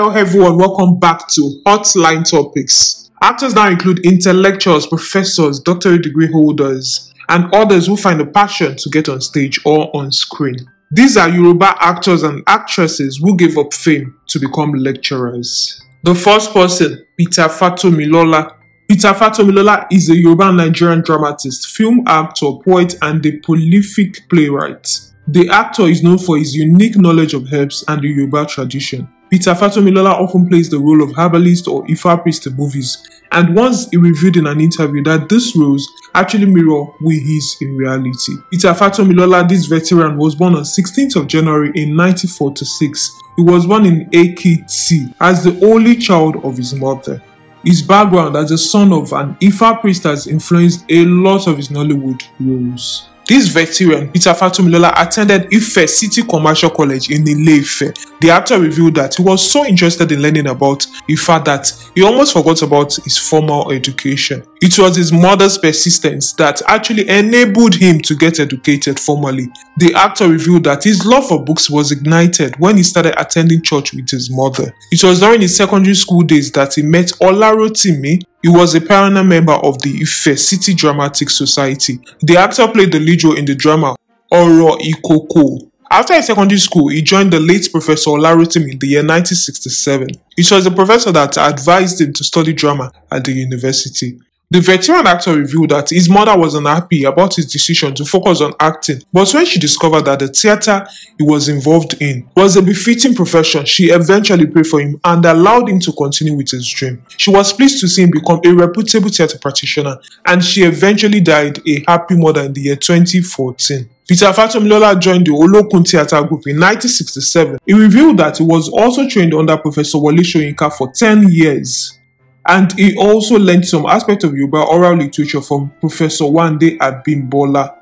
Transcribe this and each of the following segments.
Hello, everyone. Welcome back to Hotline Topics. Actors now include intellectuals, professors, doctorate degree holders, and others who find a passion to get on stage or on screen. These are Yoruba actors and actresses who gave up fame to become lecturers. The first person, Peter Fatomilola. Peter Fatomilola is a Yoruba Nigerian dramatist, film actor, poet, and a prolific playwright. The actor is known for his unique knowledge of herbs and the Yoruba tradition. Peter Fatomilola often plays the role of herbalist or Ifa priest in movies, and once he revealed in an interview that these roles actually mirror who he is in reality. Peter Fatomilola, this veteran, was born on 16th of January in 1946. He was born in Ekiti as the only child of his mother. His background as the son of an Ifa priest has influenced a lot of his Nollywood roles. This veteran, Peter Fatumilola, attended Ife City Commercial College in Ile-Ife. The actor revealed that he was so interested in learning about he fact that he almost forgot about his formal education. It was his mother's persistence that actually enabled him to get educated formally. The actor revealed that his love for books was ignited when he started attending church with his mother. It was during his secondary school days that he met Timi. he was a pioneer member of the Ife City Dramatic Society. The actor played the lead role in the drama Oro Ikoko, after his secondary school, he joined the late Professor Olaritimi in the year 1967. It was the professor that advised him to study drama at the university. The veteran actor revealed that his mother was unhappy about his decision to focus on acting, but when she discovered that the theater he was involved in was a befitting profession, she eventually prayed for him and allowed him to continue with his dream. She was pleased to see him become a reputable theater practitioner, and she eventually died a happy mother in the year 2014. Peter Fatomilola joined the Olokun Theatre Group in 1967. He revealed that he was also trained under Professor Wole Soyinka for 10 years. And he also learned some aspects of Yoruba oral literature from Professor Wande Abimbola.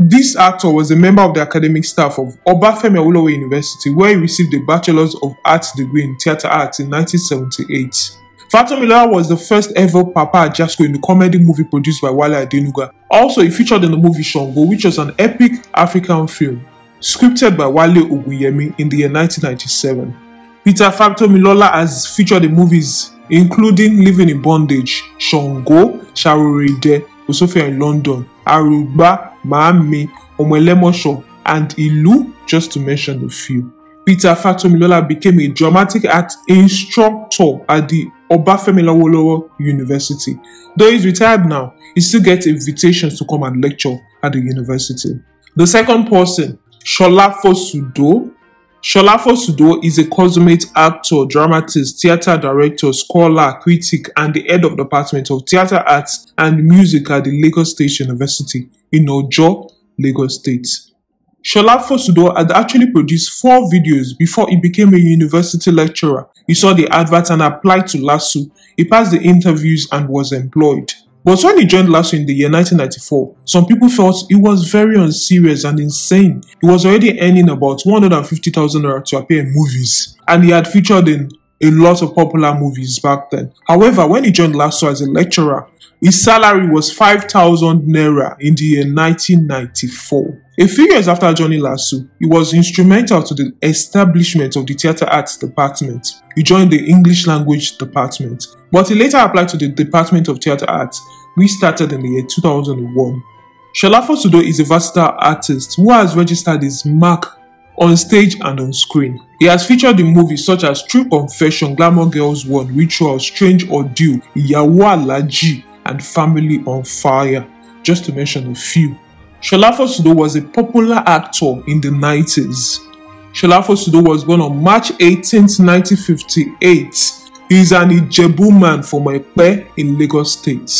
This actor was a member of the academic staff of Obafemi Awolowo University, where he received a Bachelor's of Arts degree in Theatre Arts in 1978. Fatomila was the first ever Papa Jasco in the comedy movie produced by Wale Adenuga. Also, he featured in the movie Shango, which was an epic African film scripted by Wale Oguyemi in the year 1997. Peter Fatomilola has featured in movies including Living in Bondage, Shango, Sharoride, Osofia in London, Aruba, Maami, Omolemosho, and Ilu, just to mention a few. Peter Fatomilola became a dramatic art instructor at the Obafemi Lawolowo University. Though he's retired now, he still gets invitations to come and lecture at the university. The second person, Shola Fosudo, Shola Fosudo is a consummate actor, dramatist, theatre director, scholar, critic, and the head of the Department of Theatre Arts and Music at the Lagos State University in Ojo, Lagos State. Shola Fosudo had actually produced four videos before he became a university lecturer. He saw the advert and applied to LASU. He passed the interviews and was employed. But when he joined Lasso in the year 1994, some people felt he was very unserious and insane. He was already earning about 150,000 naira to appear in movies, and he had featured in a lot of popular movies back then. However, when he joined Lasso as a lecturer, his salary was 5,000 naira in the year 1994. A few years after joining Lasso, he was instrumental to the establishment of the Theatre Arts Department. He joined the English Language Department, but he later applied to the Department of Theatre Arts, which started in the year 2001. Shalafo Sudo is a versatile artist who has registered his mark on stage and on screen. He has featured in movies such as True Confession, Glamour Girls 1, Ritual, Strange Ordeal, Iyawo Alaji, and Family on Fire, just to mention a few. Shola was a popular actor in the 90s. Shola was born on March 18, 1958. He is an Ijebu man from Epe in Lagos State.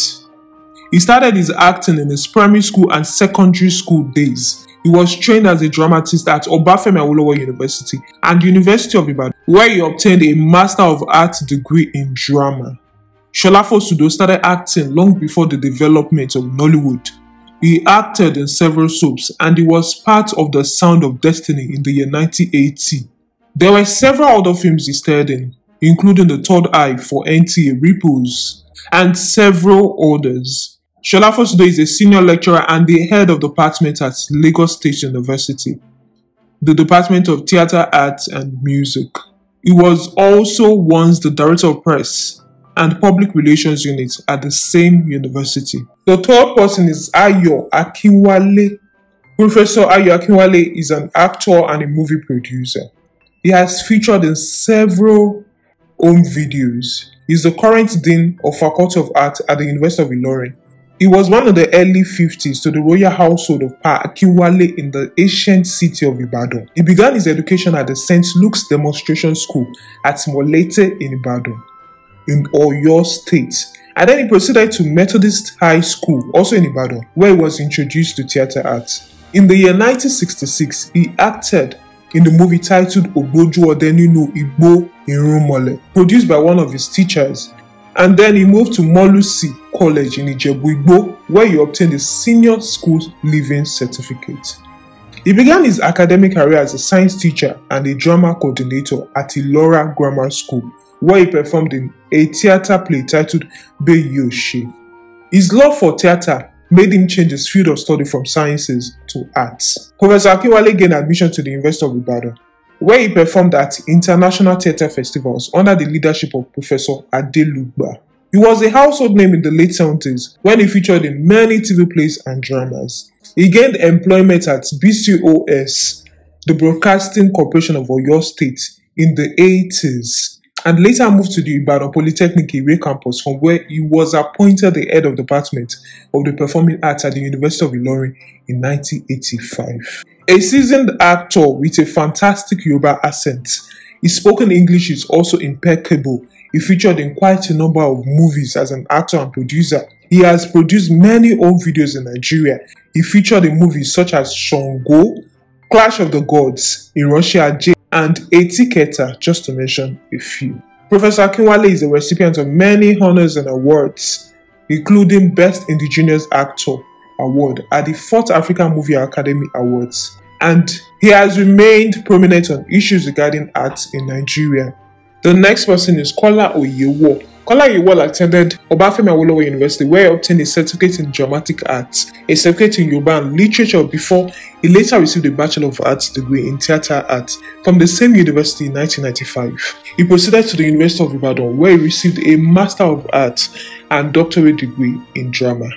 He started his acting in his primary school and secondary school days. He was trained as a dramatist at Obafemi Awolowo University and University of Ibadan, where he obtained a Master of Arts degree in drama. Shola started acting long before the development of Nollywood he acted in several soaps and he was part of The Sound of Destiny in the year 1980. There were several other films he starred in, including The Third Eye for NTA Ripples and several others. Shola today is a senior lecturer and the head of the department at Lagos State University, the Department of Theatre Arts and Music. He was also once the director of press and Public Relations Unit at the same university. The third person is Ayo Akinwale. Professor Ayo Akinwale is an actor and a movie producer. He has featured in several home videos. He is the current Dean of Faculty of Art at the University of Ilorin. He was one of the early 50s to the royal household of Pa Akiwale in the ancient city of Ibadan. He began his education at the St. Luke's Demonstration School at Molete in Ibadan in, all your state. And then he proceeded to Methodist High School, also in Ibadan, where he was introduced to theatre arts. In the year 1966, he acted in the movie titled Obojo Odeninu Igbo Irunmole, produced by one of his teachers. And then he moved to Molusi College in Ijebu Igbo, where he obtained a senior school living certificate. He began his academic career as a science teacher and a drama coordinator at Ilora Grammar School, where he performed in a theater play titled Beyoshi. His love for theater made him change his field of study from sciences to arts. Professor Akinwale gained admission to the University of Ibadan, where he performed at international theater festivals under the leadership of Professor Ade Luba. He was a household name in the late 70s when he featured in many TV plays and dramas. He gained employment at BCOS, the Broadcasting Corporation of Oyo State, in the 80s and later moved to the Ibadan Polytechnic Iwe campus from where he was appointed the head of the Department of the Performing Arts at the University of Ilorin in 1985. A seasoned actor with a fantastic Yoruba accent, his spoken English is also impeccable. He featured in quite a number of movies as an actor and producer he has produced many home videos in Nigeria. He featured in movies such as Shango, Clash of the Gods, In Russia J, and Atiketa, just to mention a few. Professor Akinwale is a recipient of many honors and awards, including Best Indigenous Actor Award at the 4th African Movie Academy Awards, and he has remained prominent on issues regarding arts in Nigeria. The next person is Kola Oyewo, Kolaiwola attended Obafemi Awolowo University where he obtained a certificate in dramatic arts, a certificate in Yoruba and literature before he later received a Bachelor of Arts degree in theatre arts from the same university in 1995. He proceeded to the University of Ibadan where he received a Master of Arts and doctorate degree in drama.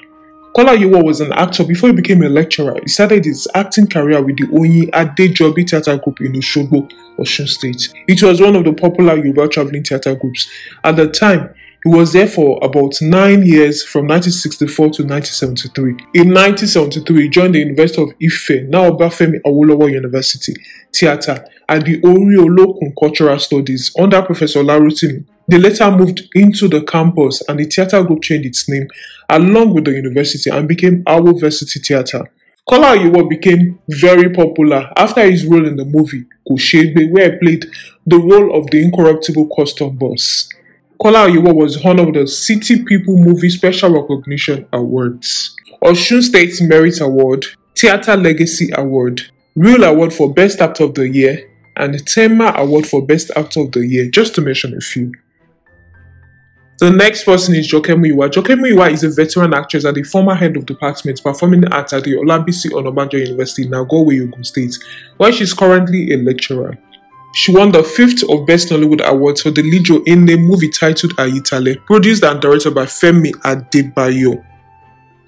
Kola Kolaiyewa was an actor before he became a lecturer. He started his acting career with the Oyi Adejobi Theatre Group in Oshogbo, Osun State. It was one of the popular Yoruba traveling theatre groups. At the time, he was there for about nine years from 1964 to 1973. In 1973, he joined the University of Ife, now Obafemi Awolowo University, Theatre and the Oriolokun Cultural Studies under Professor Larutini they later moved into the campus and the theater group changed its name along with the university and became Our Varsity Theater. Kola Ayewo became very popular after his role in the movie Koshegbe where he played the role of the incorruptible custom boss. Kola Ayewo was honored with the City People Movie Special Recognition Awards, Osun State Merit Award, Theatre Legacy Award, Real Award for Best Actor of the Year, and the Tema Award for Best Actor of the Year, just to mention a few. The next person is Joke Muiwa. Joke Muiwa is a veteran actress and the former head of department performing arts at the Olabisi Onabanjo University in Nagowe, Ogun State, where she is currently a lecturer. She won the fifth of Best Nollywood Awards for the lead role in the movie titled Ayitale, produced and directed by Femi Adebayo.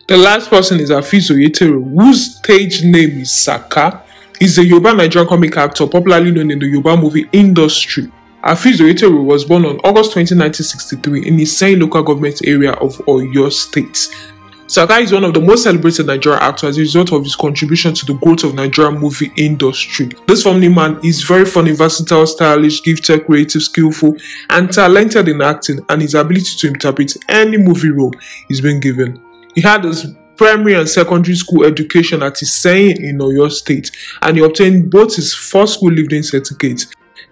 The last person is Afiz Oyetero, whose stage name is Saka. He's a Yoruba Nigerian comic actor popularly known in the Yoruba movie industry. Afiz Oyeteru was born on August 20, 1963 in the same local government area of Oyo State. Saka is one of the most celebrated Nigerian actors as a result of his contribution to the growth of Nigerian movie industry. This family man is very funny, versatile, stylish, gifted, creative, skillful, and talented in acting, and his ability to interpret any movie role he's been given. He had his primary and secondary school education at his Iseyin in Oyo State, and he obtained both his first school leaving certificate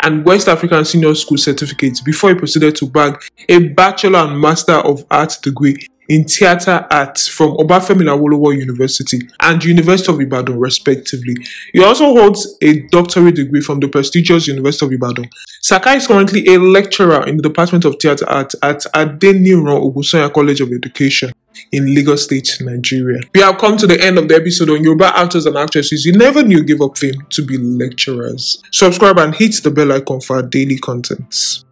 and West African Senior School certificates before he proceeded to bag a Bachelor and Master of Arts degree in theater arts from Obafemi Awolowo University and University of Ibadan respectively. He also holds a doctorate degree from the prestigious University of Ibadan. Sakai is currently a lecturer in the Department of Theater Arts at Adeniran Ogunsanya College of Education in Lagos State, Nigeria. We have come to the end of the episode on Yoruba actors and actresses you never knew give up fame to be lecturers. Subscribe and hit the bell icon for our daily contents.